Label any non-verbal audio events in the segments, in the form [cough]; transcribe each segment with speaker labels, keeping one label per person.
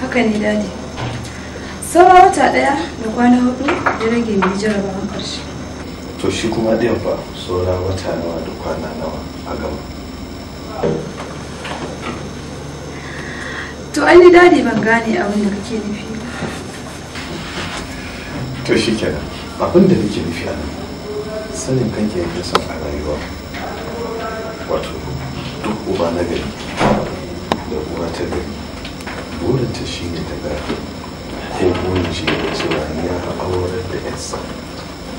Speaker 1: haka ne daji saura wata daya da kwana hudu ya rage mai jarabawan karshe
Speaker 2: to shi kuma din fa saura wata nawa da kwana nawa a gama
Speaker 1: to an yi dadi ban gane abin da kake nufi
Speaker 3: to shi kenan abin da nake nufi a nan sanin kanke yake son a rayuwa wato uba na gari da uwa ta
Speaker 4: gari burinta shi ne ta gafi ko burin shi ne cewa ya aurar
Speaker 3: da yarsa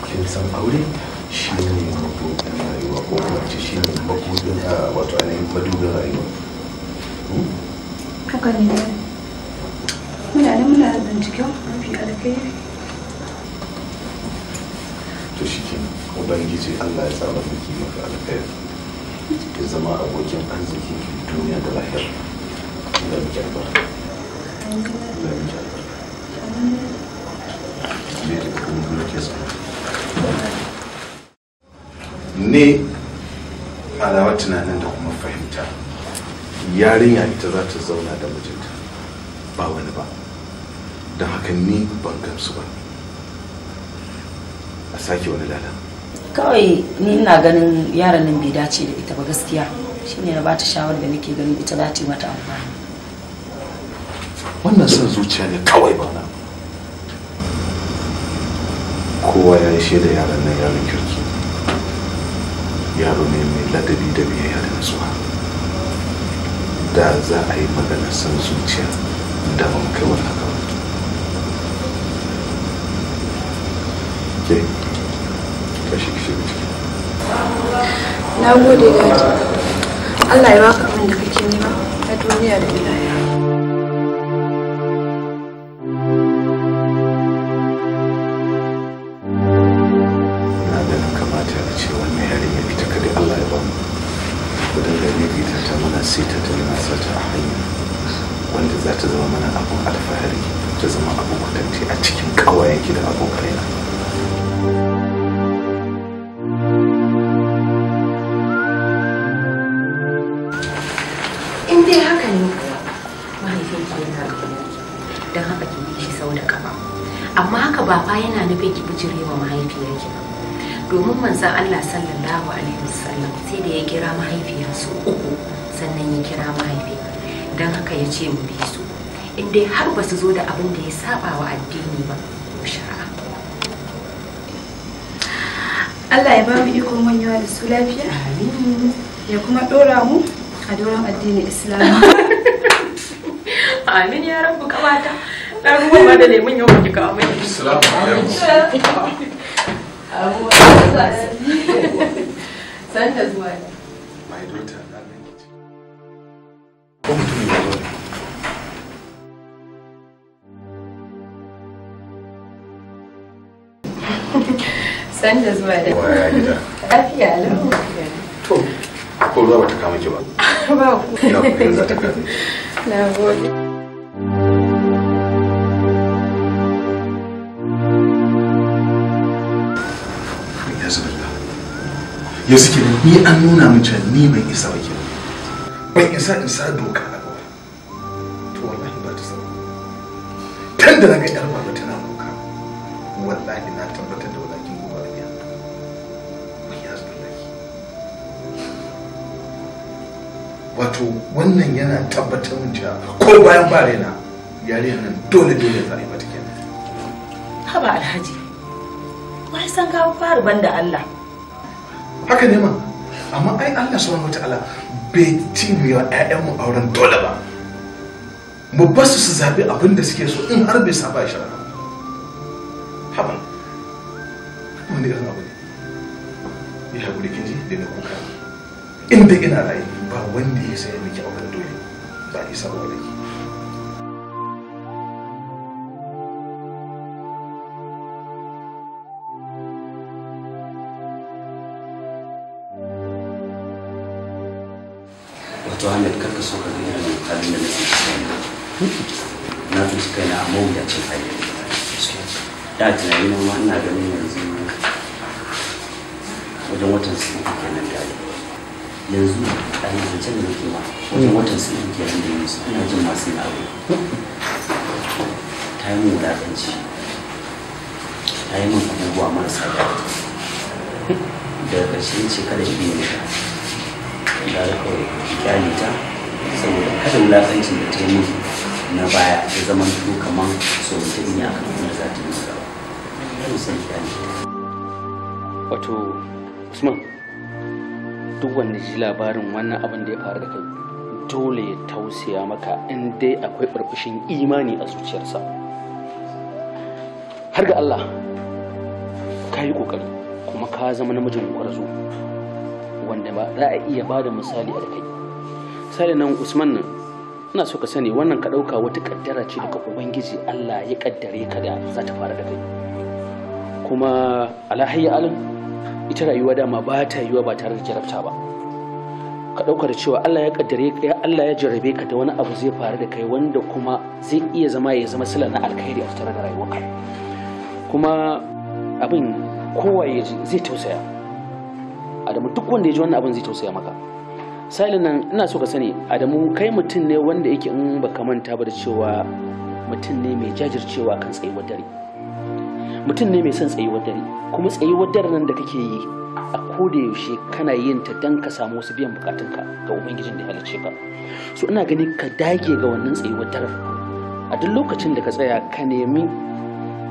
Speaker 3: kin san aure shi ne mabudin rayuwa ko kuma
Speaker 5: ce shi ne mabudin wato ainihin madubin
Speaker 1: rayuwa hmm? haka ne muna da muna binciken mafi
Speaker 6: alkhairi to shi ke ubangiji allah ya tsara miki mafi alkhairi ya zama abokin arziki duniya da lahiyar da muke
Speaker 3: ne da kuma tunanin da kuma fahimta yarinya ita za ta zauna da mijinta ba wani ba don haka ni ban gamsu ba a sake wani lalata
Speaker 7: kawai ni ina ganin yaran nan bai dace da ita ba gaskiya shine na bata shawar da nake ganin ita dace mata amfani
Speaker 3: wannan son zuciya ne kawai ba na kowa ya yi shaida yaran nan yaran kirki yaro ne mai ladabi da biyayya da nasuwa da za a yi maganar son
Speaker 5: zuciya da mun kai wannan
Speaker 1: na
Speaker 8: gode daji Allah ya baka abin da kake nema na duniya da ilahi
Speaker 7: manzan Allah sallallahu alaihi wasallam sai da ya kira su uku sannan ya kira mahaifiya don haka ya ce mu bi su inda har ba su zo da abin da ya saba wa addini ba shara
Speaker 1: Allah ya ba mu iko manyawa da su lafiya ya kuma dora mu a doron addini islam
Speaker 7: amin ya rabu kamata na ruwa ba da neman yau kika amince assalamu alaikum san da zuwa ne my daughter na gani
Speaker 5: da zuwa waya gida lafiya lau
Speaker 3: to ko ruwa bata kama ki ba
Speaker 4: [laughs] ba ku na gode
Speaker 3: ya suke da ni an nuna min cewa ni ban isa wake ban isa in sa doka a gaba to wallahi ba ta sauka tun da na ga yar baba tana doka
Speaker 9: wallahi na tabbatar da wadakin ya a gidan wato wannan yana tabbatar min cewa ko
Speaker 3: bayan ba raina yare nan dole dole za ba ta kenan
Speaker 7: haba alhaji wai san ka fara banda Allah
Speaker 3: haka ne ma amma ai Allah subhanahu wataala bai tibiya ƴaƴan mu auren dole ba mu ba su su zabi abin da suke so in har bai saba shi haba wani irin abu ne ya haƙuri kin kinji da na kuka inda ina rayu ba wanda ya saya miki auren dole ba isa wani
Speaker 6: to hamid karka so ka gani ne halin da na tsinci kaina na tsinci kaina a mawuyacin hanyar da tunani na ma ina ganin yanzu wajen watan su uku nan da yanzu a yanzu da nake ma wajen watan su uku nan da yanzu ina jin masu yin abu ta yi mun wulaƙanci ta yi mun abubuwa marasa daɗi Da ƙarshen ce kada in biya da kawai kyale ta saboda kada wulaƙancin da ta yi na baya ya zama to kamar sauransu ne akan wanda za ta yi musu wato usman
Speaker 10: duk wanda ji labarin wannan abin da ya faru da kai dole ya tausaya maka in dai akwai ɓarfishin imani a zuciyarsa har ga allah ka yi ƙoƙari kuma ka zama namijin ƙwarzo wanda ba za a iya ba da misali a kai misali nan usman nan ina so ka sani wannan ka ɗauka wata kaddara ce daga ubangiji allah ya kaddare ka da za ta fara da kai kuma alahayya alam ita rayuwa dama ba ta yiwa ba tare da jarabta ba ka ɗauka da cewa allah ya kaddare ka allah ya jarabe ka da wani abu zai faru da kai wanda kuma zai iya zama ya zama sila na alkhairi a tare da rayuwarka kuma abin kowa zai tausaya adamu duk wanda ya ji wannan abin zai tausaya maka sa'ilin nan ina so ka sani adamu kai mutum ne wanda yake in ba ka manta ba da cewa mutum ne mai jajircewa kan tsayuwar dare mutum ne mai son tsayuwar dare kuma tsayuwar dare nan da kake yi a koda yaushe kana yin ta dan ka samu wasu biyan ka ga ubangijin da ya halicce ka so ina gani ka dage ga wannan tsayuwar dare a duk lokacin da ka tsaya ka nemi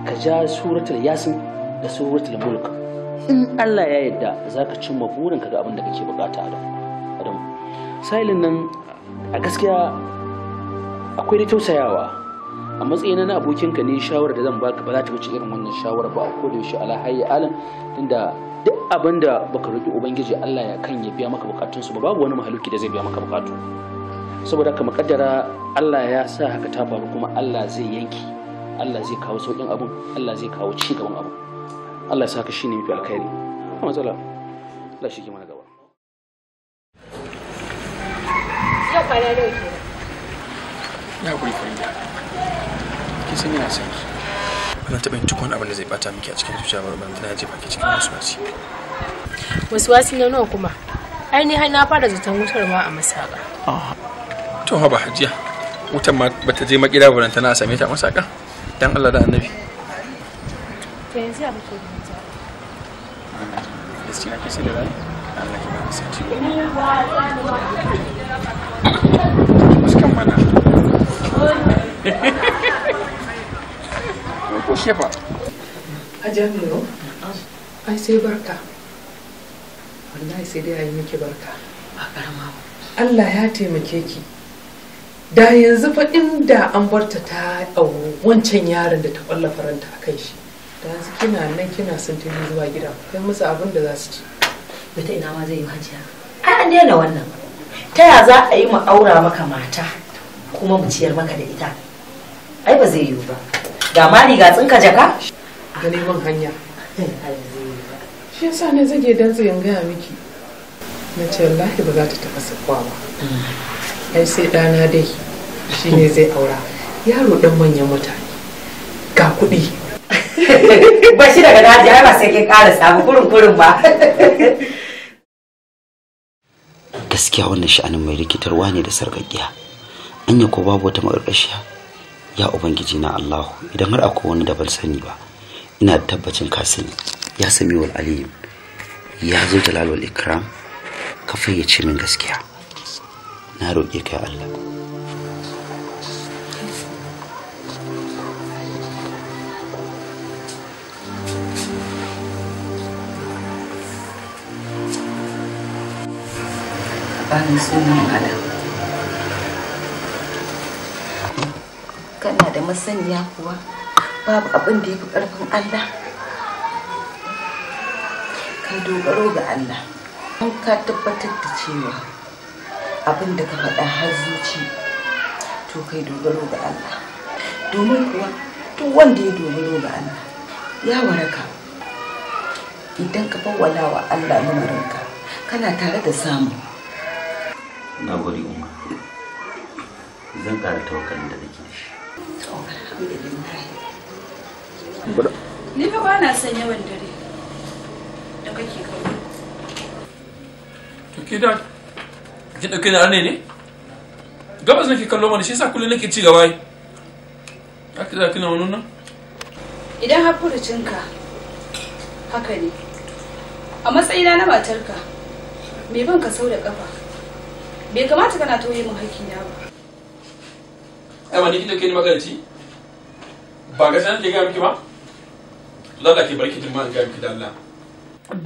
Speaker 10: ka ja suratul yasin da suratul mulk in Allah ya yarda za ka cimma burinka ga abin da kake bukata adam sailin nan a gaskiya akwai da tausayawa a matsayin na abokinka ne shawarar da zan baka ba za ta wuce irin wannan shawarar ba a kodayaushe ala hayya alam tunda duk abin da baka roƙi ubangiji Allah ya kan ya biya maka bukatunsu ba babu wani mahaluki da zai biya maka bukatu saboda haka makaddara Allah ya sa haka ta faru kuma Allah zai yanki Allah zai kawo sauƙin abun Allah zai kawo ci gaban abun Allah ya saka ne mafi alkhairi a matsala Allah shi ke mana gaba
Speaker 8: ya kwana da ke ya kuri farida ki san
Speaker 2: yana san ki ana taɓa yin duk wani abin da zai bata miki a cikin zuciya ba rubar tana jefa ki cikin wasuwasi
Speaker 8: wasi na nawa kuma ai ni na fara zaton wutar ma a masaka
Speaker 2: to ha ba hajiya wutar ma bata je makira ba tana a same ta masaka dan Allah da annabi
Speaker 8: to yanzu ya muke da mutane gaskiya kisa da rai Allah ki ba mu sati
Speaker 2: fuskan mana [laughs] ko shefa
Speaker 5: a jami'o ai sai barka wallahi sai dai a yi miki barka ba karama ba. Allah ya taimake ki da yanzu fa inda an barta ta wancan yaron da ta kwalla ranta a kai shi da yanzu kina nan kina sun tuni zuwa gida kai musu abin da za su ci bata ina ma zai yi hajiya
Speaker 7: ai an daina wannan ta ya za a yi mu aura maka mata kuma mu ciyar maka da ita ai ba zai yiwu ba ga ma riga tsinka jaka ga neman hanya
Speaker 5: [laughs] shi yasa ne zage dan zai gaya miki na ce wallahi ba za ta taɓa sakwa ba
Speaker 11: hmm.
Speaker 5: ai sai dana dai Shi ne zai
Speaker 7: aura yaro dan manyan mutane ga kuɗi Bashi daga daji ai ba sai kin karasa ba kurin kurin ba.
Speaker 6: Gaskiya wannan sha'anin mai rikitarwa ne da sarƙaƙiya. Anya ko babu wata maƙarƙashiya. Ya Ubangiji na Allahu idan har akwai wani da ban sani ba. Ina da tabbacin ka sani. Ya sami wal alim. Ya zo jalalul ikram. Ka fayyace min gaskiya. Na roƙe ka Allah.
Speaker 11: saɓanin sunan adam
Speaker 7: kana da masaniya kuwa babu abin da ya fi ƙarfin allah yi dogaro ga allah an ka tabbatar da cewa abin da ka faɗa har zuci to kai dogaro ga allah domin kuwa duk wanda ya dogaro ga allah ya waraka idan ka fawwala wa allah lamarinka kana tare da samu
Speaker 6: na gode umma zan ƙara tawakkalin da nake da shi
Speaker 1: ni fa ba na son yawan dare da kake kallo
Speaker 2: to ke da ki dauke da ne ne gabas nake kallo mana shi yasa kullum nake ci gaba yi aka da kina wani nan
Speaker 1: idan har cinka haka ne a matsayina na matarka me ban ka sau da kafa bai kamata kana tauye min hakki na ba
Speaker 2: ai wani kike kai magarci ba ga sanar ke ga miki ba to Allah ke barki din ma ga miki da Allah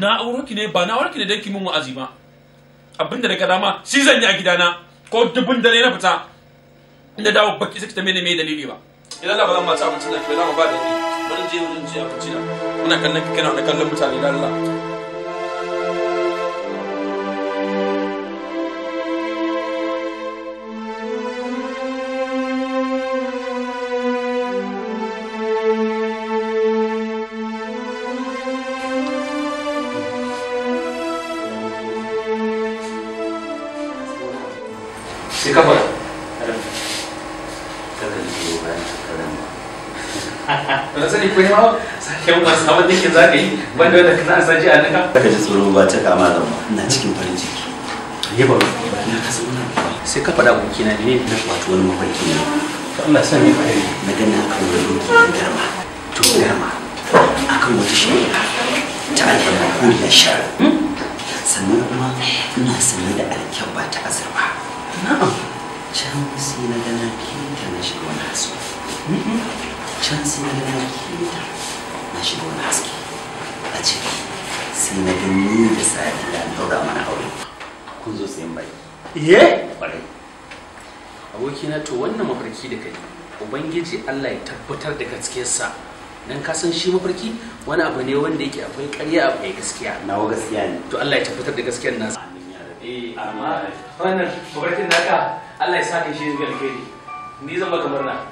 Speaker 2: na abubuwan ne ba na warki ne da ki mun wa'azi ba abinda daga dama shi zan yi a gidana ko dubun ne na fita inda dawo baki sai ta mene mai dalili ba idan Allah ba zan ma ci abincin da ke ba za ba da ni bari je wurin ji abinci na muna kallon kana da kallon mutane da Allah
Speaker 10: kun yawa sakin ba za ka yi wanda wanda ka na a
Speaker 6: ka ji tsoro ba ta kama da ina cikin farin ciki
Speaker 10: ya ba na ka sai ka faɗa aboki na ne na wato wani mafarki ne Allah san ya faɗa na gani akan wani garma
Speaker 6: to garma akan wata shari'a ta alhamma ko ya shara hmm? sannan kuma ina sanar da alkyabba ta azurfa. na'am can sai na gana ke ta na shiga wani hasu can sai na gani kilita na shiga wani haske a ciki sai na gani da sa'adi na daura mana aure kun zo sayan bai
Speaker 10: ye kwarai abokina to wannan mafarki da kai ubangiji allah ya tabbatar da gaskiyarsa dan ka san shi mafarki wani abu ne wanda yake akwai ƙarya akwai gaskiya nawa gaskiya ne to allah ya tabbatar da gaskiyar nasa eh amma wannan mafarkin naka allah ya sa ka shi zuwa alheri ni zan baka murna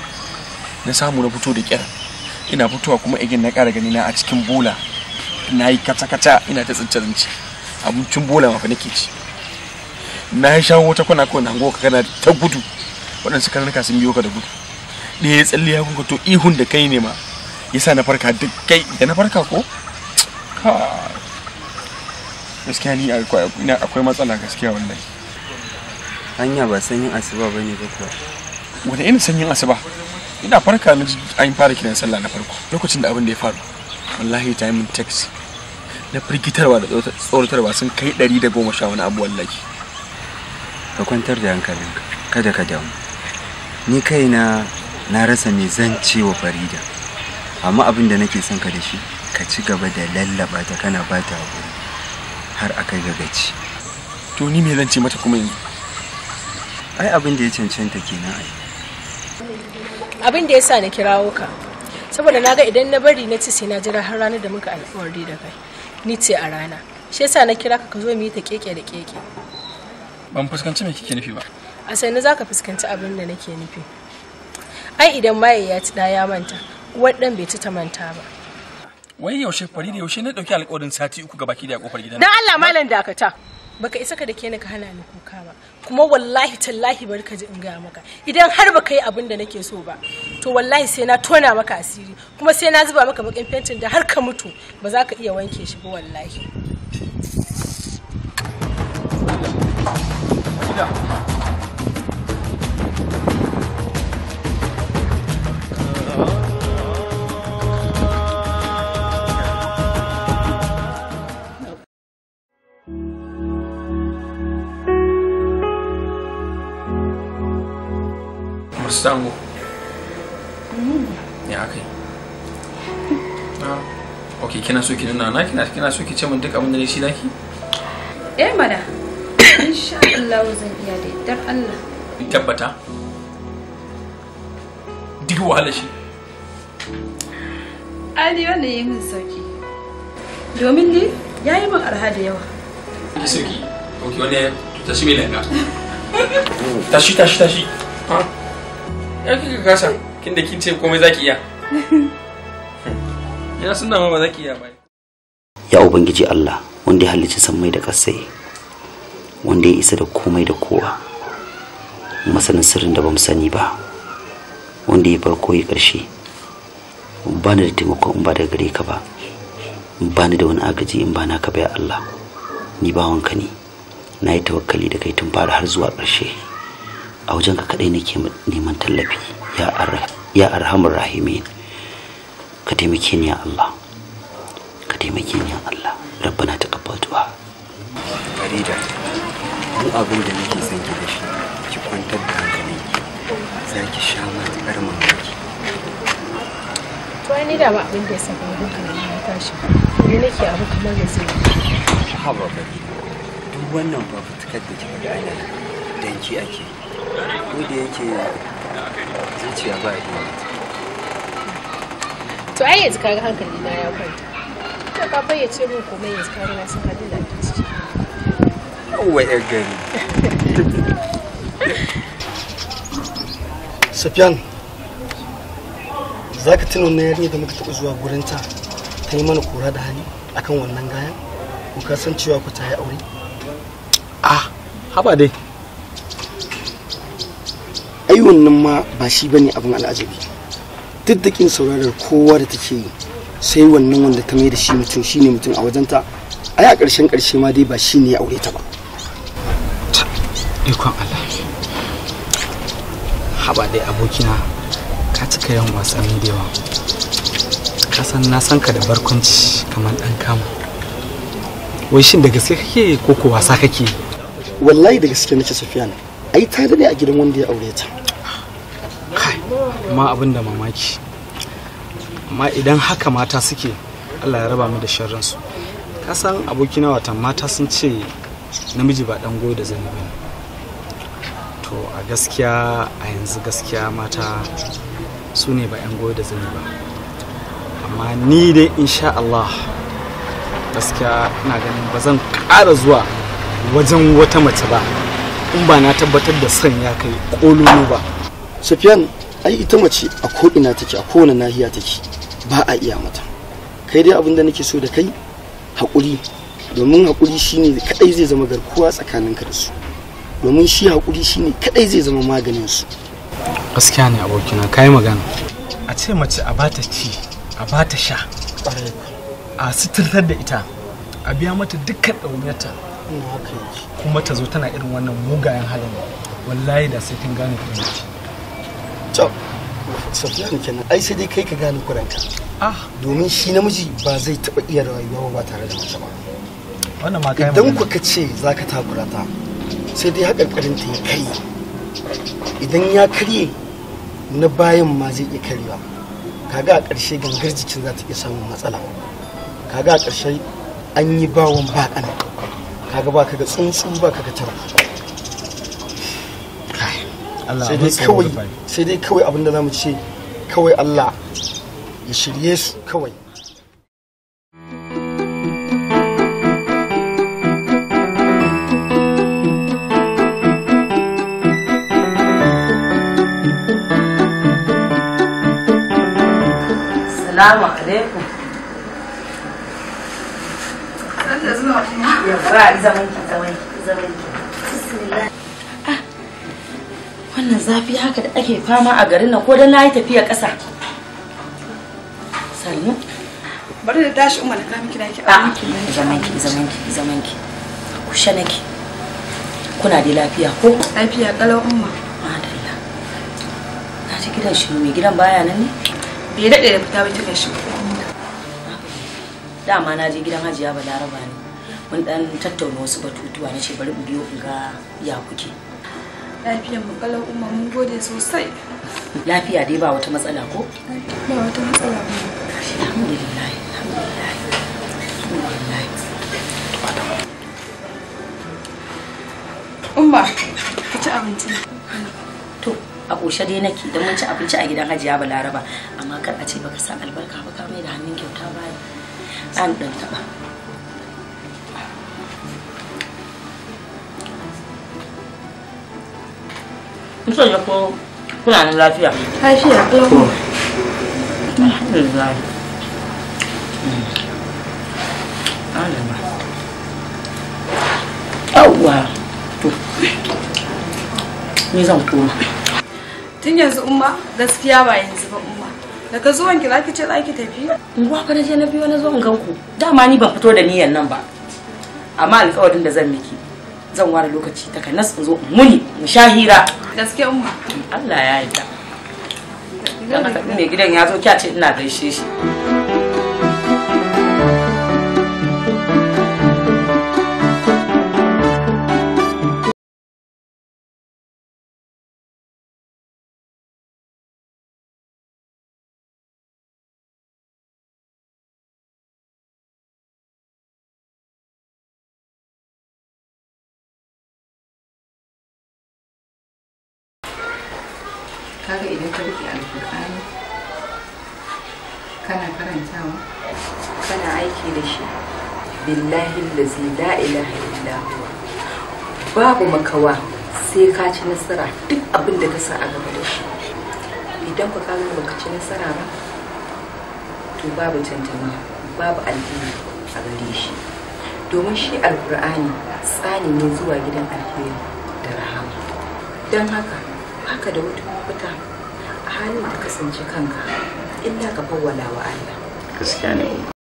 Speaker 2: na samu na fito da kyar ina fitowa kuma igin na ƙara gani na a cikin bola na yi kata-kata ina ta tsince zance abincin bola ma fa nake ci na yi shawo wata kwana kawai na goka kana ta gudu waɗansu karnuka sun biyo ka da gudu ɗaya ya tsalle ya kuka to ihun da kai ne ma yasa na farka duk kai da na farka ko gaskiya ni akwai matsala gaskiya wallahi hanya ba sanyin asuba bane ba kuwa wani irin sanyin asuba ina farka na an yi fara kiran sallah na farko lokacin da abin da ya faru wallahi ta yi min taxi
Speaker 3: na firgitarwa da tsoratarwa sun kai ɗari da goma sha wani abu wallahi ka kwantar da hankalinka kada ka damu ni kaina na rasa mai zan wa farida amma abin da nake son ka da shi ka ci gaba da lallaba ta kana ba ta har aka ga gaci to ni me zan ce mata kuma yanzu ai abin da ya cancanta kenan ai
Speaker 8: abin da sa na kirawo ka saboda na ga idan na bari na ci sai na jira har ranar da muka alƙawari da kai ni ce a rana shi yasa na kira ka ka zo mu yi ta keke da keke
Speaker 2: ban fuskanci me kike nufi ba
Speaker 8: a sai za ka fuskanci abin da nake nufi ai idan maye ya ci ya manta uwar dan bai ci ta manta ba
Speaker 2: wai yaushe fari da yaushe na dauki alƙawarin sati uku ga baki da kofar gidan dan Allah
Speaker 8: malam dakata baka isa ka da ke ka hana ni kuka ba kuma wallahi tallahi bari ka ji in gaya maka idan har baka yi abin da nake so ba to wallahi sai na tona maka asiri kuma sai na zuba maka bakin fentin da har ka mutu ba za ka
Speaker 1: iya wanke shi ba wallahi
Speaker 2: Kristango. Ya aka yi. [laughs] Ah, ok, kina so ki nuna na kina kina so ki ce min duk abin da ne shi naki?
Speaker 1: Eh mana. [coughs] Insha Allah zan iya da dar Allah.
Speaker 2: Ki tabbata. Duk wahala shi.
Speaker 1: Ali wanda ya yi min sauki. Domin dai yayi yi min arha da yawa.
Speaker 2: Ki sauki. Ok, wani tashi mai langa. [laughs] Tashi tashi tashi. Ah. ya kika kasan kin kin ce komai zaki iya [laughs] ya suna ma ba zaki iya ba
Speaker 6: ya ubangiji Allah wanda ya halicci sammai da kasai wanda ya isa da komai da kowa masanin sirrin da bamu sani ba wanda ya farko ya karshe ba ni da taimako in ba da gare ka ba ba ni da wani agaji in ba naka ba ya Allah ni bawanka ne na yi tawakkali da kai tun fara har zuwa ƙarshe a wajen ka kadai nake neman tallafi ya arhamar rahimin ka taimake ni ya Allah ka taimake ni ya Allah rabbana taqabbal du'a farida duk abin
Speaker 3: da nake son ki da shi ki kwantar da zaki za ki sha matukar mamaki
Speaker 8: ni da ba abin da ya saka ni duka na tashi ne nake abu
Speaker 3: kamar da zai haba farida duk wannan fafutukar da kika ga ana danki ake ko da yake zuciya ba ruwa
Speaker 8: to ai yanzu kaga hankali na ya kwanta ka ka fayyace min komai yanzu kaga na san halin da ake ciki
Speaker 3: yawwa yar gari Sufyan
Speaker 9: za ka tuna wannan yarinya da muka taɓa zuwa gurinta ta yi mana kura da hali akan wannan gayan ko ka san cewa ku ta yi aure ah haba dai ai wannan ma ba shi bane abin al'ajabi duk da kin sauraron kowa da take yi sai wannan wanda ta mai da shi mutum shine mutum a wajenta ai a ƙarshen ƙarshe ma dai ba shi ne ya aure ta ba ikon Allah haba dai abokina ka cika yawan wasanni da yawa ka san na san ka da barkwanci kamar dan kama wai shin da gaske kake ko ko wasa kake wallahi da gaske nake safiya ai ta dade a gidan wanda ya aure ta ma abin da mamaki amma idan haka mata suke allah ya raba mu da sharransu kasan san abokina watan mata sun ce namiji ba dan goyi da zani ba to a gaskiya a yanzu gaskiya mata su ne ba yan goyi da yi ba amma ni dai insha allah gaskiya ina ganin ba zan ƙara zuwa wajen wata mace ba in ba na tabbatar da son ya kai ƙololo ba. Sufyan ai ita mace a ko'ina take a kowane nahiya take ba a iya mata kai dai abin da nake so da kai haƙuri domin haƙuri shine kadai zai zama garkuwa tsakaninka da su domin shi haƙuri shine kadai zai zama maganin su
Speaker 3: gaskiya ne abokina kai magana
Speaker 9: a ce mace a bata ci a bata sha a suturtar da ita a biya mata dukkan ɗauniyarta kuma ta zo tana irin wannan mugayen halin wallahi da sai kin gane kuma ai sai dai kai ka gane kuranka ah domin shi namiji ba zai taba iya rayuwa ba tare da mace ba wannan ma kai idan ku ka ce zaka takura ta sai dai hakarkarin ta ya karye idan ya karye na bayan ma zai iya karyewa kaga a karshe gangar jikin za ta iya samun matsala kaga a karshe an yi bawon ba kana kaga baka ga tsuntsu baka ka ga tarko
Speaker 12: sai dai kawai
Speaker 9: sai dai kawai abin zamu ce kawai Allah ya shirye su kawai
Speaker 7: Salamu alaikum. zuwa Ya zafi haka da ake fama a garin nan ko da na yi tafiya ƙasa Sallu. bari da tashi umar na miki Zaman ki zaman zamanki zamanki zamanki ku shanaki kuna da lafiya ko lafiya kalau umma madalla na ji gidan shi mai gidan baya nan ne bai daɗe da fita bai tuka shi dama na je gidan hajiya balaraba ne mun dan tattauna wasu batutuwa na ce bari in biyo in ga ya kuke
Speaker 1: lafiyar mu kalau umma mun gode sosai
Speaker 7: lafiya dai ba wata matsala ko
Speaker 1: ba wata matsala ba alhamdulillah alhamdulillah
Speaker 7: umma ka ci abinci to a ƙoshe dai nake don mun ci abinci a gidan hajiya balaraba amma kar a ce baka sa albarka ba ka mai da hannun kyauta baya an ɗan taɓa in ya ko kuna nan lafiya lafiya kalau alhamdulillah alama yawwa ni zan koma
Speaker 1: tun yanzu umma gaskiya ba yanzu ba umma daga zuwan ki zaki ce zaki tafi unguwa fa na je na biyo na zo in ganku
Speaker 7: dama ni ban fito da niyan nan ba amma alƙawarin da zan miki zan ware lokaci ta kanas in zo muni mu sha hira gaske umma Allah ya yarda ne gidan ya zo kya ce ina gaishe shi billahi lazi la ilaha illa babu makawa sai ka ci nasara duk abin da ka sa a gaba da shi idan ka kaga baka ci nasara ba to babu tantama babu alheri a gare shi domin shi alkur'ani tsani ne zuwa gidan alheri da rahama don haka haka da wata mafita a halin da kasance
Speaker 4: kanka illa ka fawwala wa Allah gaskiya ne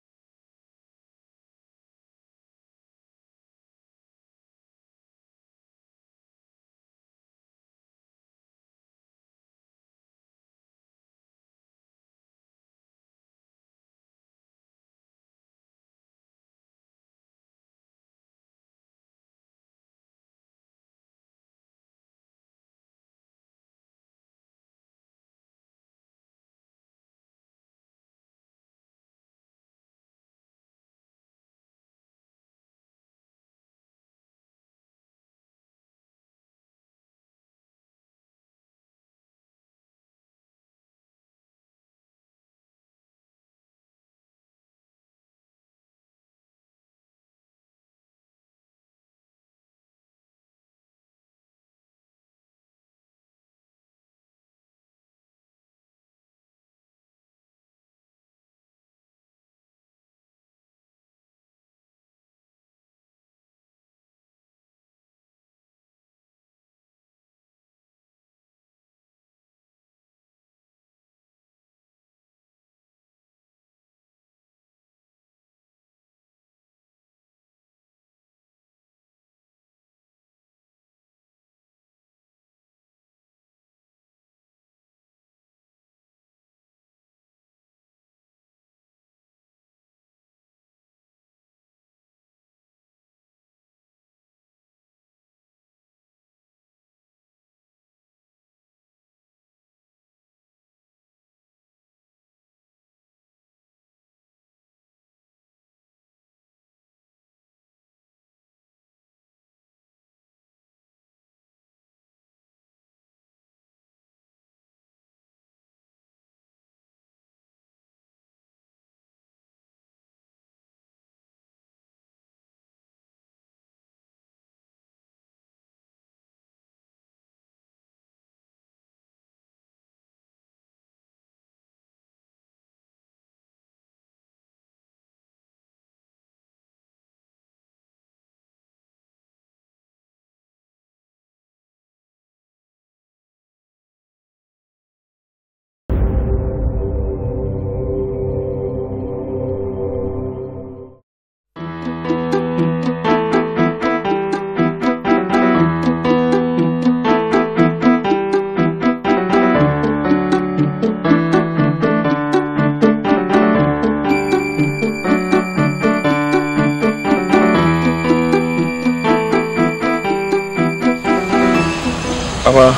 Speaker 2: kuma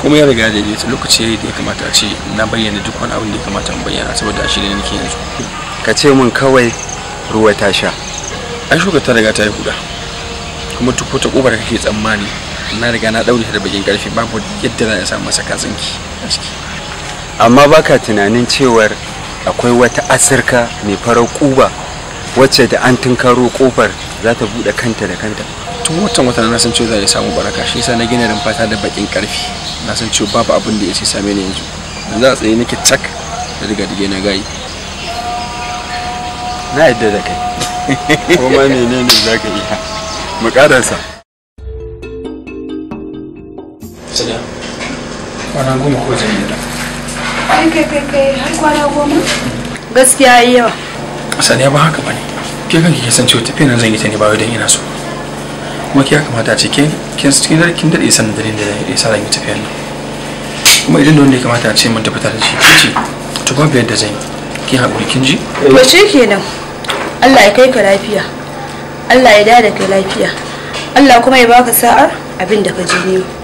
Speaker 2: kuma ya riga da yadda lokaci da ya kamata a ce na bayyana duk wani abin da ya kamata in bayyana saboda a shirye nake yanzu ka ce mun kawai ruwa ta sha ai shuka ta riga ta yi huda kuma duk wata kobar kake tsammani na riga na daure da bakin karfi babu yadda za a samu masa kazanki a ciki
Speaker 3: amma baka tunanin cewar akwai wata asirka mai farar kuba wacce da an tunkaro kofar za ta buɗe kanta da kanta tun watan watan na san cewa zai samu
Speaker 2: baraka shi yasa na gina rumfata da bakin karfi na san cewa babu abin da ya sai same ni yanzu yanzu
Speaker 3: a tsaye nake cak da diga dige na gayi na yadda da kai [laughs] kuma menene za ka iya mu karansa sada
Speaker 2: kwana goma ko zai yi da
Speaker 1: kai kai kai har kwana goma gaskiya yawa
Speaker 2: sani ba haka bane ke kanki ke san cewa tafiya nan zan yi ta ne ba wai dan ina so kuma ya kamata a ce kin kin daɗe sanin dalilin da ya sa zan yi tafiyar nan kuma idan da wanda ya kamata a ce mun tafi tare da shi kin ce to babu yadda zan yi kin haƙuri kin ji wace
Speaker 1: eh. kenan
Speaker 4: Allah ya kai ka lafiya Allah ya dada kai lafiya Allah kuma ya baka sa'ar abin da ka je nemo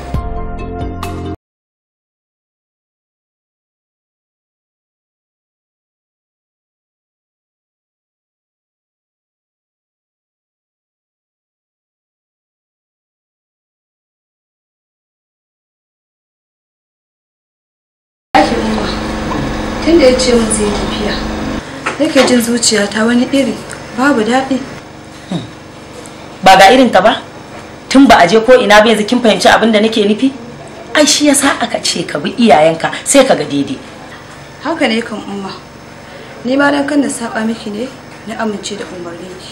Speaker 4: inda ya ce min zai tafiya nake jin zuciyata wani iri
Speaker 7: babu daɗi ba ga irin ka ba tun ba a je ko ina ba yanzu kin fahimci abin da nake nufi ai shi yasa aka ce ka bi iyayenka sai ka ga daidai
Speaker 1: haka ne kan umma ni ma dan kan da saba miki ne na amince da
Speaker 7: ki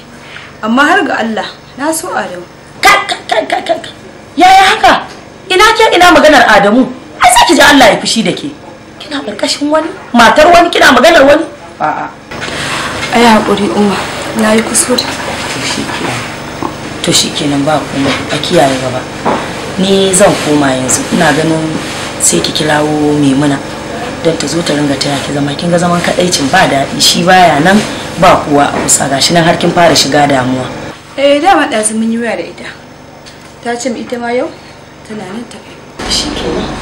Speaker 1: amma har ga Allah na so Adamu
Speaker 7: ya haka ina ke ina maganar Adamu ai sai ki ji Allah ya fushi da ke kina karkashin wani matar wani kina maganar wani a'a ai hakuri umma na yi shikenan to shikenan ba kuma a kiyaye gaba ni zan koma yanzu ina ganin sai ki kirawo maimuna don ta zo ta ringa taya ki zama kin ga zaman kadaicin ba daɗi shi baya nan ba kuwa a kusa gashi nan har kin fara shiga damuwa
Speaker 1: eh dama ɗazu mun yi waya da ita ta ce ita ma yau tana nan kai shikenan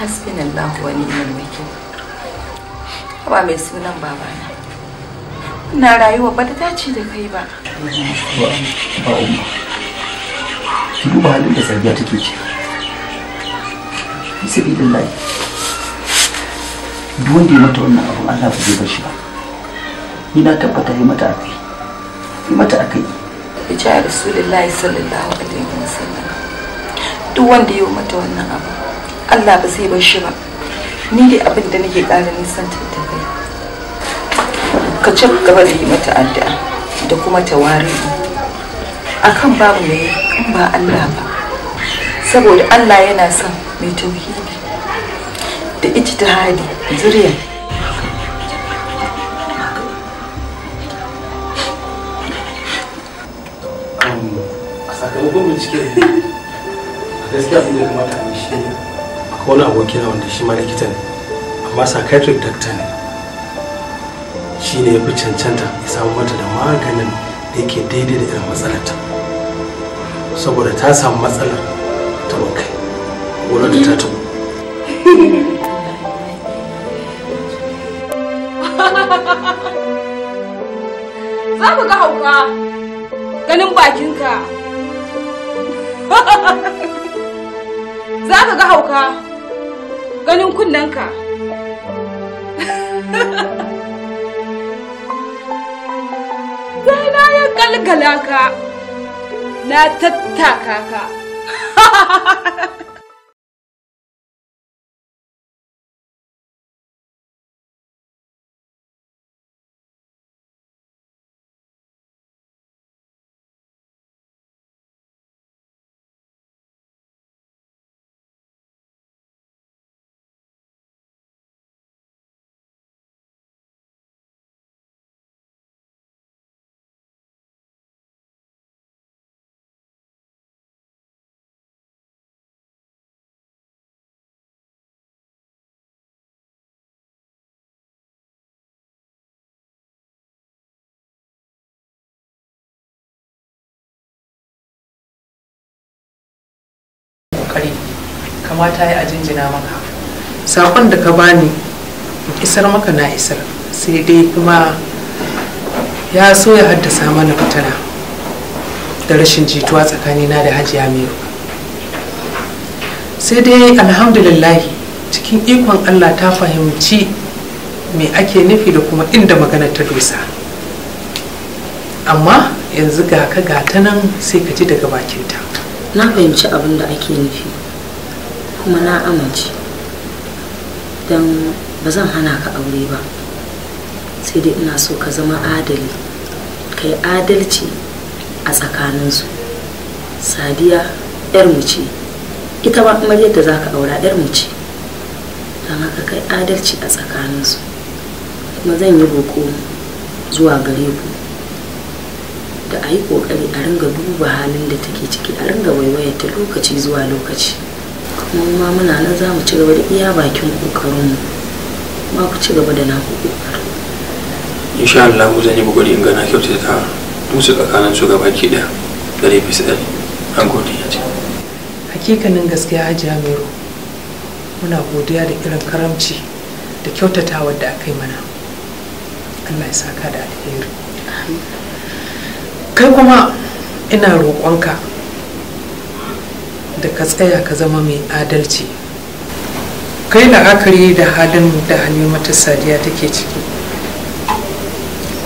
Speaker 7: hasbinallahu wa ni'mal wakil ba mai sunan babana na rayuwa ba da dace da kai ba
Speaker 6: ba umma ki duba halin da sarbiya take ce bisabilillahi duk wanda ya mata wannan abu Allah ba zai bar shi ba ni na tabbata yi mata akai yi mata akai
Speaker 7: ya ce rasulullahi sallallahu alaihi wasallam duk wanda ya mata wannan abu Allah ba sai bar shi ba
Speaker 1: ni dai abin da nake ƙara nisan ta
Speaker 7: kai ka ci gaba da yi mata addu'a da kuma tawari akan babu mai in ba Allah ba
Speaker 1: saboda Allah yana son mai tauhidi da ijtihadi zuriya
Speaker 9: a sakamakon
Speaker 2: a gaskiya abin da kamata a yi shi akwai wani abokina wanda shi ma likita ne amma psychiatric doctor ne shi ne ya fi
Speaker 9: cancanta ya samu mata da maganin da yake daidai da irin ta
Speaker 3: saboda ta samu matsalar ta bakai
Speaker 9: da ta
Speaker 11: tabo
Speaker 1: za mu ga hauka ganin bakinka
Speaker 12: [laughs] za ka ga hauka
Speaker 1: ganin kunnenka
Speaker 11: [laughs] sai na ya galgala ka na
Speaker 1: tattaka ka
Speaker 4: [laughs] kokari kamata ya ajinjina maka
Speaker 5: sakon da ka bani isar maka na isar sai dai kuma ya so ya haddasa mana fitina da rashin jituwa tsakanina da hajiya meru sai dai alhamdulillahi cikin ikon allah ta fahimci me ake nufi da kuma inda magana ta dosa amma yanzu ga ka gata nan sai ka ji daga bakinta
Speaker 7: na fahimci abin da ake nufi kuma na amince don ba zan hana ka aure ba sai dai ina so ka zama adali ka yi adalci a tsakaninsu sadiya yar mu ce ita ba kuma yadda za ka aura yar mu ce don haka kai adalci a tsakaninsu kuma zan yi roƙo zuwa gare ku da a yi kokari a ringa duba halin da take ciki a ringa waiwayar ta lokaci zuwa lokaci kuma ma muna nan za mu ci gaba da iya bakin kokarinmu ma ku ci gaba da na ku kokari
Speaker 2: insha Allah zan yi bugari in gana kyautata ta musu tsakanin su gaba ki da dare bisa dare an gode ya ce
Speaker 5: hakikanin gaskiya hajiya mero muna godiya da irin karamci da kyautatawa da aka yi mana Allah ya saka da alheri kai kuma ina roƙonka da ka tsaya ka zama mai adalci kai la'akari da halin da halimatu sadiya take ciki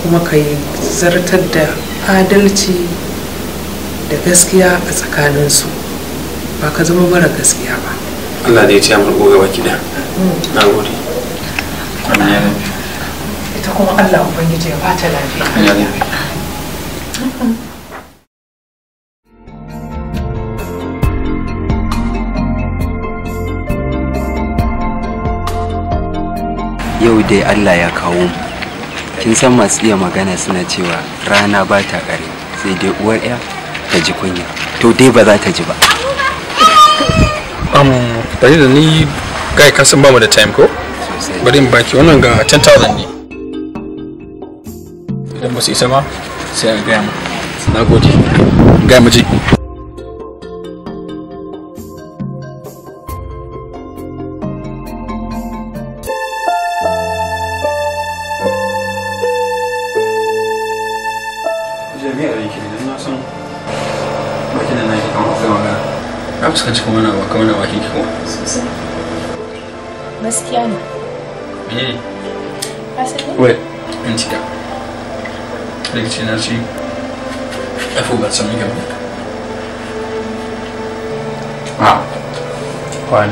Speaker 5: kuma ka yi zartar da adalci da gaskiya a tsakaninsu ba ka zama mara gaskiya ba
Speaker 2: allah ya ce mulko gaba kida na gode
Speaker 5: ita kuma allah ubangiji ya bata
Speaker 4: lafiya yau
Speaker 3: dai Allah ya kawo mu kin san masu iya magana suna cewa rana ba ta ƙare sai dai uwar ya ta ji kunya to dai ba za ta ji ba um bari da
Speaker 2: ni gai ka san bamu da time ko bari in baki wannan ga 10000 ne idan ba su isa ma sai a gaya ma na gode gaya maji kanske är fogat som en grund. Ah, Poäng.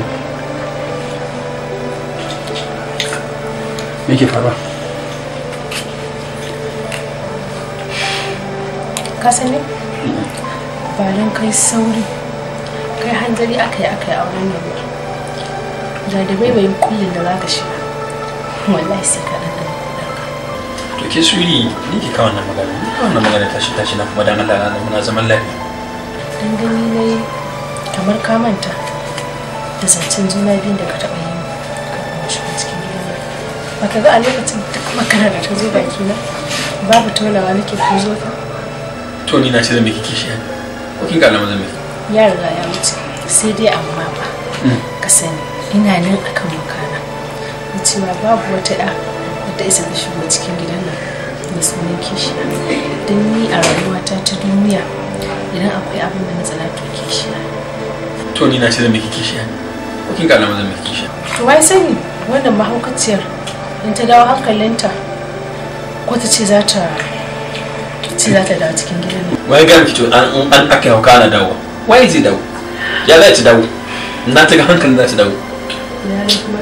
Speaker 8: Ka sani? Ba don kai sauri. Kai hanzari aka yi a wurin nan. Da da bai bai kullum da za ka shiga. Wallahi sai ka ɗan
Speaker 2: ke su yi ni ki kawo wannan magana ni kawo wannan magana tashi tashi na kuma dana da muna zaman lafiya
Speaker 8: dan gani ne kamar ka manta da zancen juna biyun da ka taɓa yi
Speaker 2: kafin shiga cikin gidan
Speaker 8: ba ka ga a lokacin duk makarar da ta zo baki na babu tonawa nake ko zo ka
Speaker 2: to ni na ce zan miki kishi ko kin ga alama zan miki
Speaker 8: ya riga ya mutu sai dai amma ba mm. ka sani ina nan akan mukana cewa babu wata ɗa da isa ta shigo cikin gidan nan da sunan kishi don ni a rayuwata ta duniya idan akwai abin da na tsala to
Speaker 2: kishi to ni na ce zan miki kishi ne ko kin kalla zan miki kishi
Speaker 8: to wai sani wannan mahaukaciyar in ta dawo hankalinta ko ta ce za ta ce za ta dawo cikin gidan nan
Speaker 2: wai ga miki to an an aka hauka na dawo wai zai dawo ya za ci dawo na ta ga hankalin za ta dawo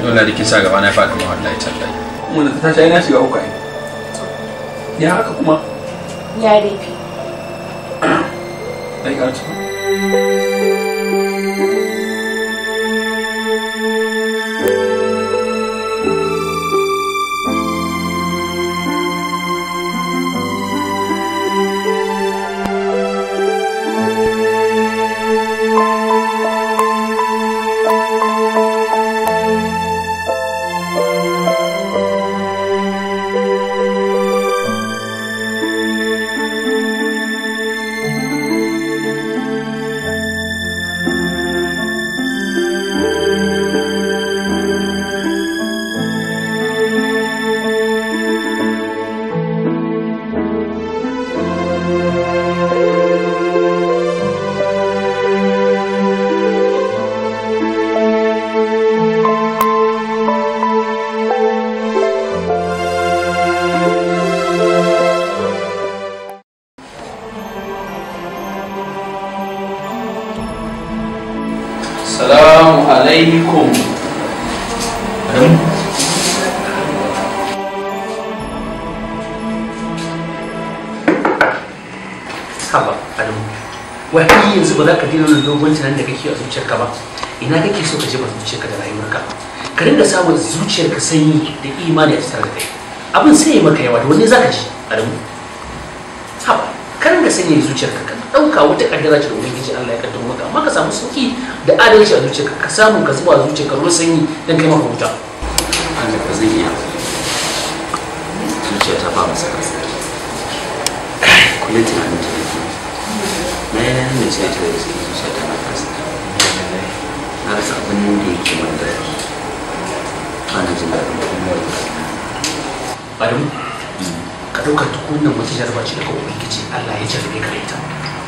Speaker 2: dole da kin sa gaba na faɗi ma wallahi tallahi kuma da ta tashi na shiga uku ai ya haka kuma ya dai ai ka ci
Speaker 10: sanyi da imani a cikin da kai abin sai ya maka yawa da wani zaka ji a da mu haba ga ka sanya zuciyar ka ɗauka wata kaddara ce da ubangiji Allah ya kaddara maka amma ka samu sauki da adalci a zuciyar ka samu ka zuba zuciyar ka ruwan sanyi dan kai maka wuta Allah ka zai iya zuciya ta ba masa kasa
Speaker 6: kullum tunanin ta da na yi nan da ce ta da zuciya ta na kasa na rasa abin da yake man ana jin daɗin ka ɗauka
Speaker 10: tukunan wata jarba ce daga Ubangiji Allah ya jarbe ka ita.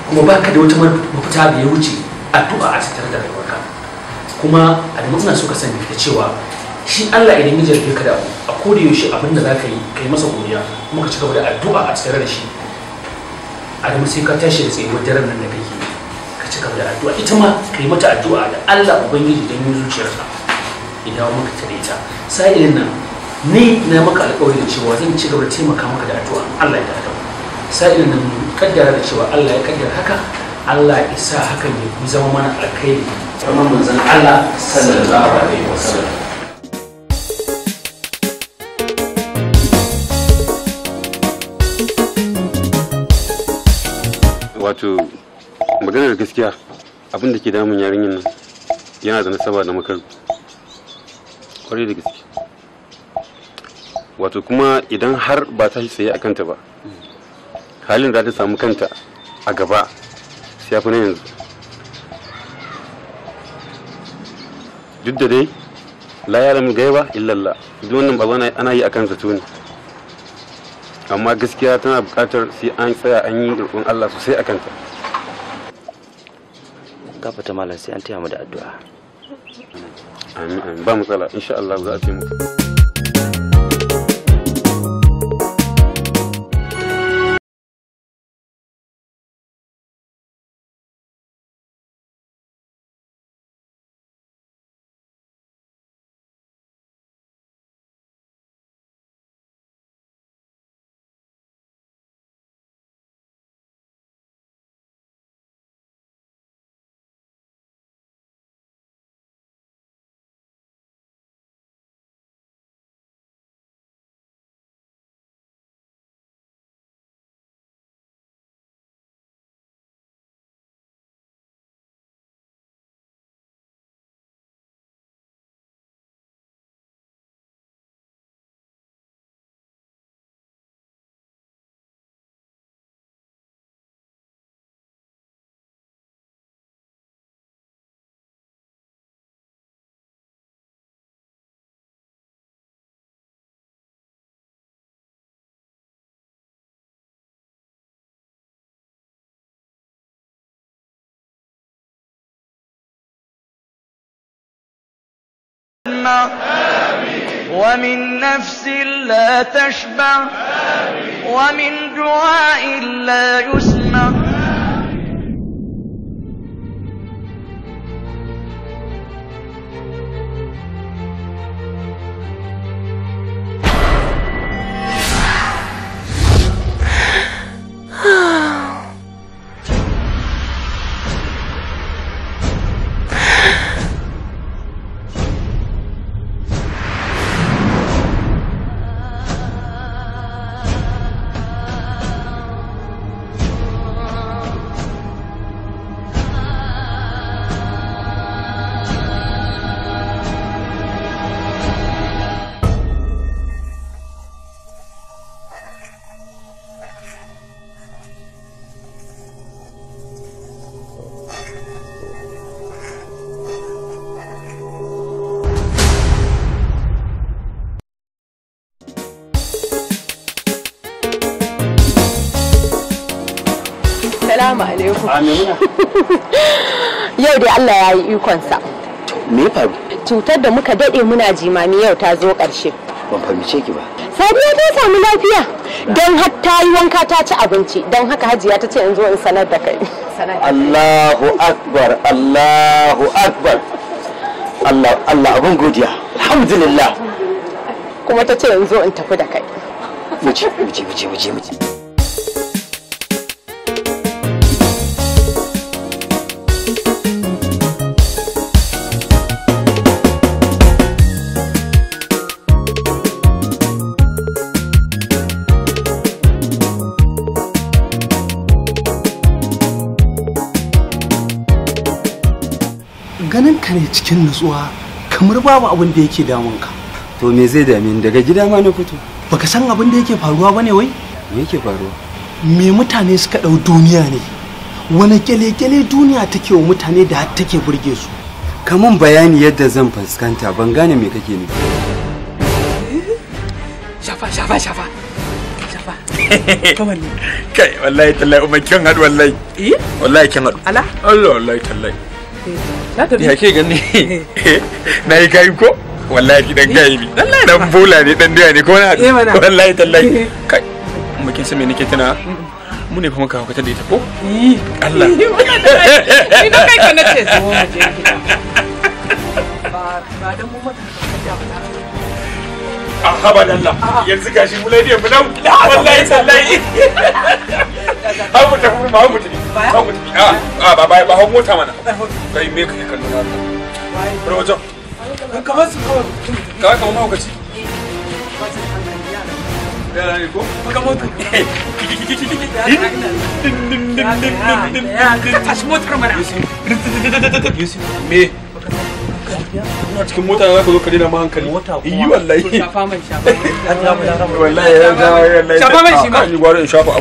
Speaker 10: Kuma ba ka da wata mafita da ya wuce addu'a a tattare da rayuwarka. Kuma Adamu ina so ka sani da cewa shi Allah idan ya jarbe ka da abu a koda yaushe abin da za ka yi ka yi masa godiya kuma ka ci gaba da addu'a a tattare da shi. Adamu sai ka tashi da tsayuwar daren nan da kake ka ci gaba da addu'a ita ma ka yi mata addu'a da Allah Ubangiji don yin zuciyarsa ya dawo maka ta sai sa'ilin nan ni na maka alƙawari da cewa zan ci gaba taimaka maka da addu'a Allah ya sai sa'ilin nan kaddara da cewa Allah ya kaddara haka Allah ya sa hakan ya zama mana alkhairi kamar manzon Allah sallallahu alaihi wasallam
Speaker 3: wato maganar gaskiya abin da ke damun yarinyar nan yana da nasaba da makar kwarai da gaske wato kuma idan har ba ta tsaye a kanta ba halin da ta samu kanta a gaba sai fi na yanzu duk da dai la ya lamu gaiba illalla duk wannan ba zana ana yi a kan zato ne amma gaskiya tana bukatar sai an tsaya an yi roƙon Allah sosai a kanta
Speaker 6: gafata malam sai an taya mu da addu'a amin ba matsala insha Allah za a taimaka
Speaker 4: تلمع ومن نفس لا تشبع ومن دعاء لا يسمع
Speaker 7: yau dai Allah ya yi ikonsa me faru cutar da muka daɗe muna jimami yau ta zo ƙarshe ban fahimce ki ba sadiya ta samu lafiya don har ta yi wanka ta ci abinci don haka hajiya ta ce in zo in sanar da kai
Speaker 6: Allahu akbar Allahu akbar Allah Allah abin godiya alhamdulillah
Speaker 7: kuma ta ce in zo in tafi da kai
Speaker 6: Wuce, wuce, wuce, wuce, wuce.
Speaker 3: ne cikin nutsuwa kamar babu abin da yake damun ka to me zai dame ni daga gida ma na fito baka san abin da yake faruwa bane wai me yake faruwa me mutane suka dau duniya ne wani kyale-kyale duniya take wa mutane da har take burge su kaman bayani yadda zan fuskanta ban gane me kake nufi
Speaker 5: shafa shafa shafa
Speaker 3: [laughs]
Speaker 2: kawai ne kai wallahi tallai umar kyan haɗu wallahi eh? wallahi kyan haɗu ala wallahi wallahi tallai ya ke gani [laughs] na yi kayi ko wallahi dan gayi ne dan bola ne dan doya ne ko eh, na wallahi tallahi [laughs] kai mukin sa me nake tana mu ne kuma kawo da ita ko eh. Allah [laughs] ni kai ka nace zo mu je gida
Speaker 5: ba ba dan mu mata
Speaker 2: a haba yanzu gashi mu lafiya mu nan wallahi tallahi har tafi mu har tafi har tafi a ba ba ba hawo mota mana kai me kake kallo na ka rojo kamar su kawai ka ka ka ci yara ne ko ka mota din din din din din din din din din din din din din din din din ina cikin mota za ka zo ka dina ma hankali yi wallahi shafa mai shafa [laughs] wallahi ya ga shafa mai shi ma ni gwaro shafa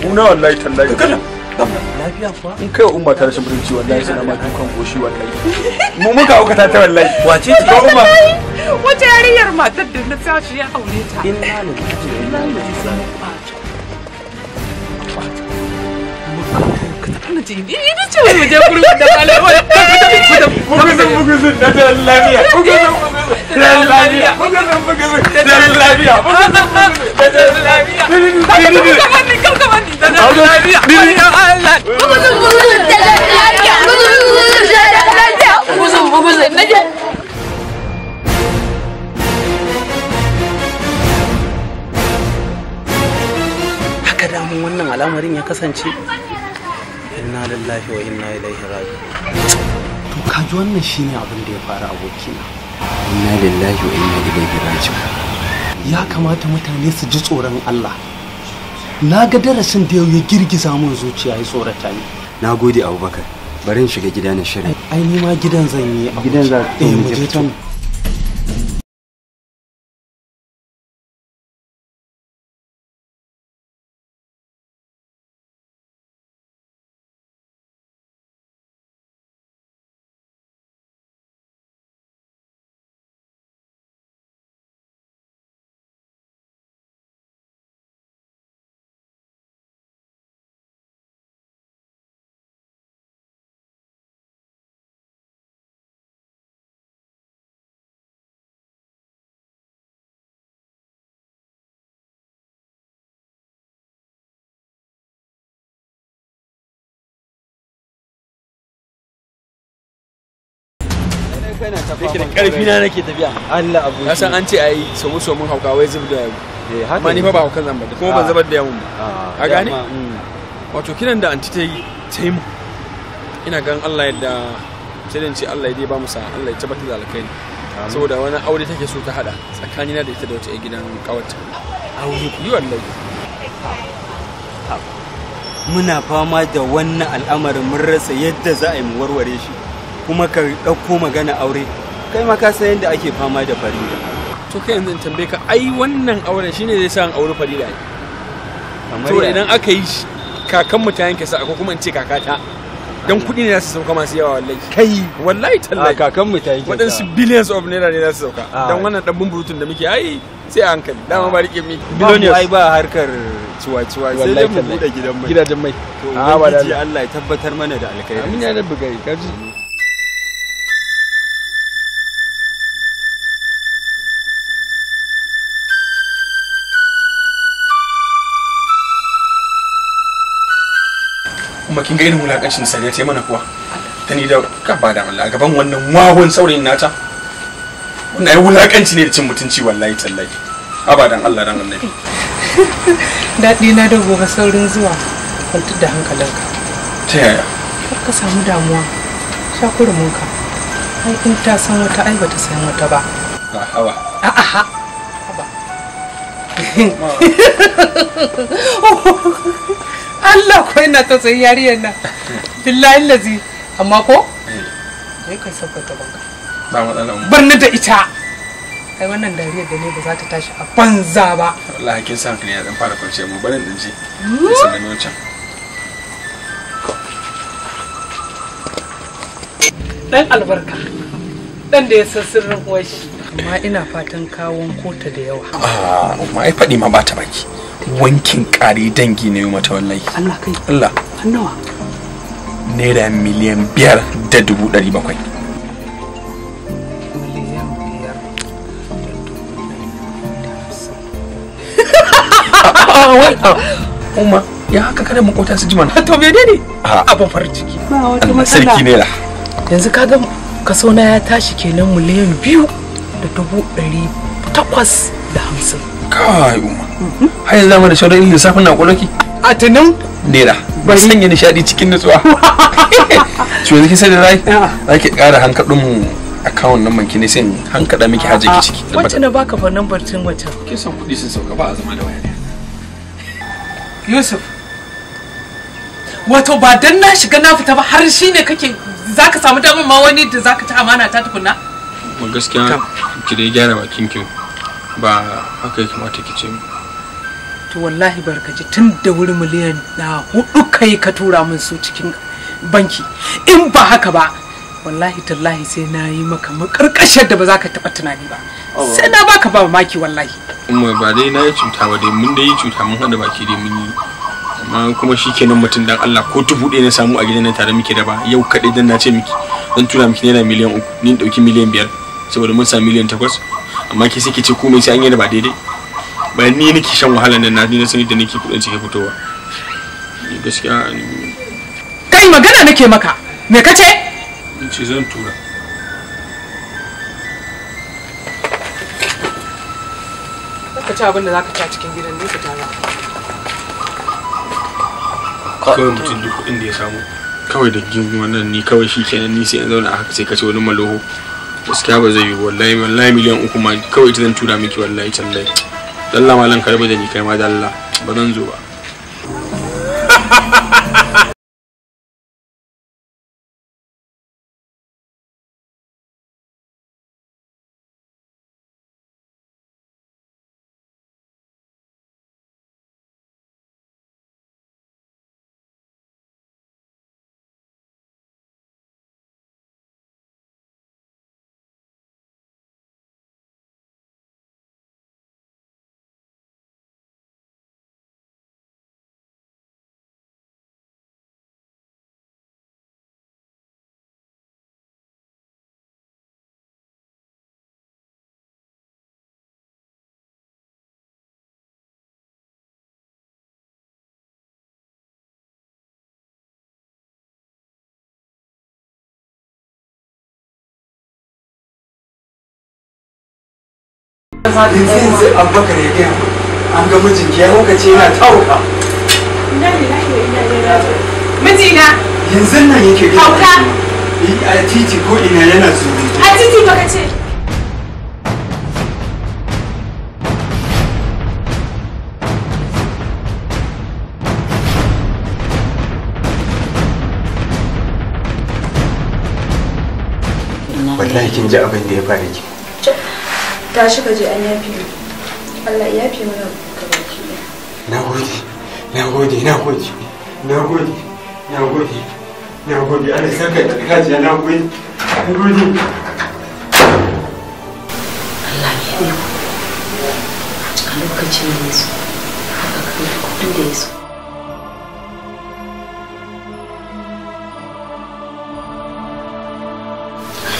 Speaker 2: in kai umma ta rashin mutunci wallahi sai ma dukan goshi wallahi mu muka auka ta wallahi wace ce ko umma
Speaker 5: wace yarinyar matar da na tashi ya aure ta inna lillahi wa inna ilaihi raji'un
Speaker 11: na ce ni ni mu je gurin da malama da
Speaker 10: da wannan al'amarin ya kasance inna lillahi wa inna ilaihi raji'un
Speaker 9: to kaji wannan shine abin da ya faru abokina
Speaker 3: inna lillahi wa inna ilaihi raji'un
Speaker 9: ya kamata mutane su ji tsoron Allah na ga darasin
Speaker 3: da ya girgiza mun zuciya ya tsorata ni na gode abubakar bari in shiga gida na shirin
Speaker 4: ai ni ma gidan zan yi gidan za ka eh, mu je kana ta fama da karfi na nake tafiya Allah abu ka san an ce ai
Speaker 2: samu samu hauka wai zub da yawo eh, amma ni fa ba haukan zan ba kuma ban ah. zubar da yawon ba ah, ka gane mm. wato kiran da anti ta yi ta yi ina gan Allah yadda sai dan ce Allah ya dai ba mu sa Allah ya tabbatar da alkai saboda wani aure take so ta hada tsakanina da ita da wata gidan kawarta aure ku yi wallahi
Speaker 3: muna fama da wannan al'amarin mun rasa yadda za a yi mu warware shi kuma ka ɗauko magana aure kai ma ka san yadda ake fama da farida to kai
Speaker 2: yanzu tambaye ka ai wannan shi shine zai sa an aure farida
Speaker 12: ne to idan
Speaker 2: aka yi kakan ta ke sa ko kuma in ce kakata dan kuɗi ne za su sauka masu yawa wallahi kai wallahi tallahi kakan mutanen ke waɗansu billions of naira ne za su sauka ah. dan wannan dan bumburutun da muke ai sai hankali dama ah. ba rike mi billions ai
Speaker 3: ba harkar ciwa-ciwa sai dai mu buɗe gidan mai gidajen mai to ah, ubangiji Allah ya tabbatar mana da alkhairi amin ya rabbi gari kaji
Speaker 2: kuma kin ga irin wulakancin sa da ya mana kuwa ta ni da ka ba da Allah gaban wannan wahon saurayin nata wannan ai wulakanci ne da cin mutunci wallahi tallahi abadan Allah dan annabi
Speaker 5: [laughs] daɗi na da gobe saurin zuwa kwantar da hankalinka ta yaya kar ka samu damuwa sha ka ai in ta san wata ai bata san wata ba a hawa a ah, aha ah. [laughs] Allah ko ina ta sai yariyar nan billahi lazi amma ko eh. kai kai ta banka ba
Speaker 2: Bar barni da
Speaker 5: ita kai wannan dariyar da ne ba za ta tashi a
Speaker 2: banza ba wallahi kin san ne ya dan fara kwance mu barin din ji hmm? sannan wancan
Speaker 5: dan albarka dan da ya san sirrin uwar shi amma ina fatan kawon kota da yawa
Speaker 2: amma ah, ai fadi ma ba ta baki wankin kare dangi ne mata wallahi Allah kai Allah nawa naira miliyan biyar da dubu ɗari bakwai [laughs] Umma ya haka kada makota su ji mana to menene abin farin ciki Allah sarki ne la
Speaker 5: yanzu kaga kaso na ya tashi kenan miliyan biyu da dubu ɗari takwas
Speaker 2: da hamsin kai umma har yanzu mu da sauran lissafin na kwalaki a tunan naira ba sanya nishadi cikin nutsuwa [laughs] to yanzu kin sai da rai ah. zaki ƙara hankadin akawun nan manki ne sai hankada miki haje ki ah, ah. ciki wacce na
Speaker 8: baka fa
Speaker 5: nambar tun wata kin san kuɗi sun sauka ba a zama da waya ne Yusuf wato ba dan na shiga na fita ba har shine kake za ka samu damar ma wani da za ka ta amana ta tukuna?
Speaker 2: tukunna gaskiya ki dai gyara bakin ki ba haka yi kamata ki ce
Speaker 5: to wallahi barkaji tun da wuri miliyan na hudu kai ka tura min su cikin banki in ba haka ba wallahi tallahi sai na yi maka makarkashar da ba za ka taba tunani ba sai na baka ba maki
Speaker 2: wallahi kuma ba dai na yi cuta ba dai mun da yi cuta mun hada baki dai mun yi amma kuma shikenan mutum dan Allah ko tubu ɗaya na samu a gidan nan tare muke da ba yau kaɗai dan na ce miki dan tura miki naira miliyan uku ni dauki miliyan biyar saboda mun sami miliyan takwas amma ke sai ce komai sai an yi da ba daidai bayan ni nake shan wahalar nan na dina sani da nake kudin cike fitowa ni gaskiya
Speaker 5: kai magana nake maka me kace
Speaker 2: in ce zan tura
Speaker 5: ka ci abin da zaka ci cikin gidan ne ka tara
Speaker 2: kawai mutum duk kuɗin da ya samu kawai da gingin wannan ni kawai shi kenan ni sai in zauna a haka sai ka ce wani maloho gaskiya ba zai yi wallahi wallahi miliyan uku ma kawai ita zan tura miki
Speaker 4: wallahi tallahi dalla malan karba da ni kai ma dalla ba zan zo ba yanzu yanzu abubakar ya gaya an ga mijinki ya ce yana tauka
Speaker 8: mijina
Speaker 3: yanzu nan yake tauka a titi ko ina yana zuru a titi baka ce wallahi kin ji abin da ya faru ki
Speaker 1: tashi ka je an yafe Allah ya yafe mana
Speaker 3: na gode na gode na gode na gode na gode na gode Allah ya saka da kaji na gode na gode
Speaker 7: Allah ya yi a lokacin da ya a kudin da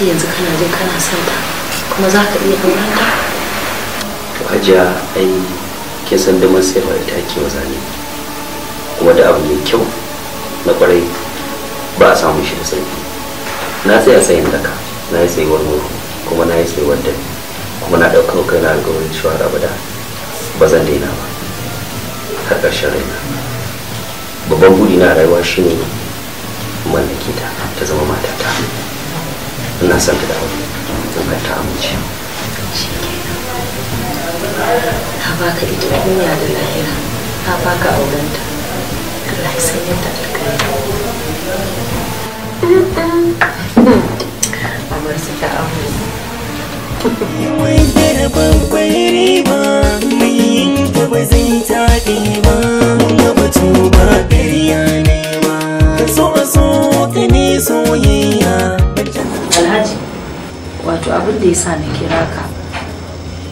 Speaker 7: ya yanzu kana jin kana son ta kuma za ka iya auren ta
Speaker 6: to hajiya ai ke san da man sayarwa ita ake wa zane kuma da abu mai kyau na kwarai ba a samun shi da sarki. na tsaya tsayin daka na yi tsayuwar muru kuma na yi tsayuwar da kuma na ɗaukar kai na alkawarin cewa abada ba zan daina ba har ƙarshen raina babban buri na rayuwa shine mallake ta ta zama matata na son ka da to domin ta amince
Speaker 7: ba ka ita kunya da lahira na aurenta Allah
Speaker 11: ya yadda ta kai
Speaker 12: amar su ta Wai ba mai yin ta zai ya soyayya
Speaker 7: wato abin da ya sa na kira ka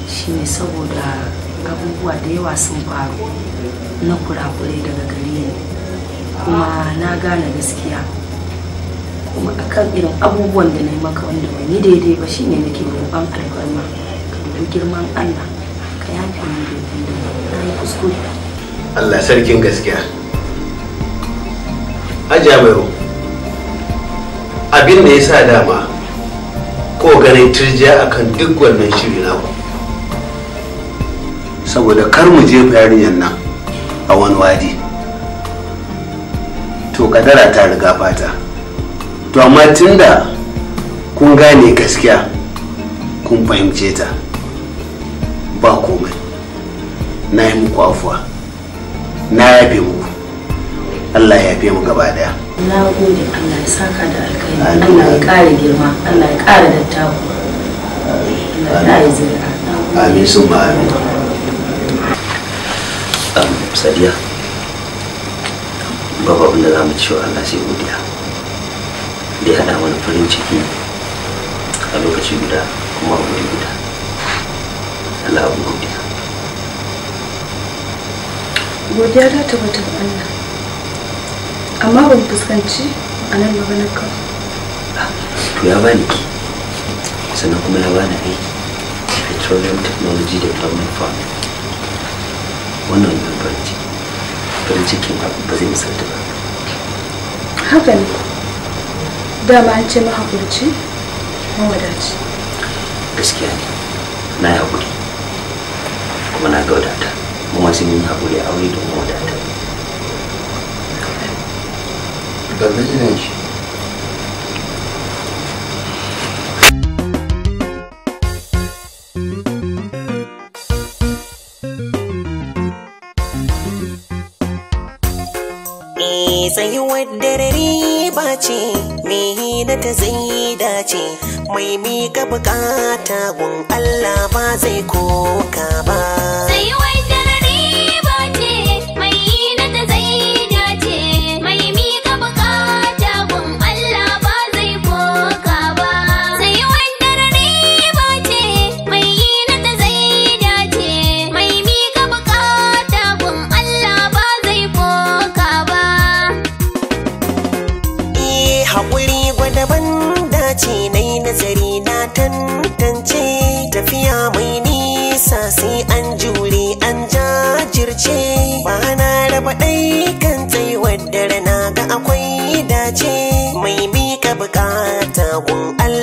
Speaker 7: shine saboda abubuwa da yawa sun faru na kurakurai daga gare ni kuma na gane gaskiya kuma akan irin abubuwan da na yi maka wanda ba ni daidai ba shine nake roƙon alfarma ka dubi girman Allah ka yafe ni
Speaker 9: da na yi kuskure Allah sarkin gaskiya
Speaker 3: Hajiya Mairo abin da ya sa dama ko ganin turjiya akan duk wannan shiri na ku saboda kar mu jefa yarinyar nan a wani wadi to kadara ta riga fata to amma tunda kun gane gaskiya kun fahimce ta ba
Speaker 6: komai na yi muku afuwa na yafe muku allah ya yafe mu gaba daya
Speaker 7: na gode Allah ya saka da Allah ya ƙara girma Allah ya ƙara
Speaker 6: amin sun ba amin sadiya babu za mu Allah sai godiya da ya mana farin ciki a lokaci guda kuma a guda Allah abu godiya
Speaker 1: godiya ta Allah amma ban fuskanci a nan maganar ka
Speaker 6: to ya bani ki sannan kuma ya bani aiki petroleum technology farmer farm wannan yin farin ciki farin cikin ba zai misalta ba
Speaker 1: haka ne dama an ce mahaƙurci mawadaci
Speaker 6: gaskiya ne na yi haƙuri kuma na ga wadata kuma sai mun yi haƙuri a wuri domin wadata dalli idan shi
Speaker 12: tsayuwar darari ba ce mai da ta zai dace mai mika bukata gun Allah ba zai koka ba tsayuwar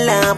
Speaker 12: Alam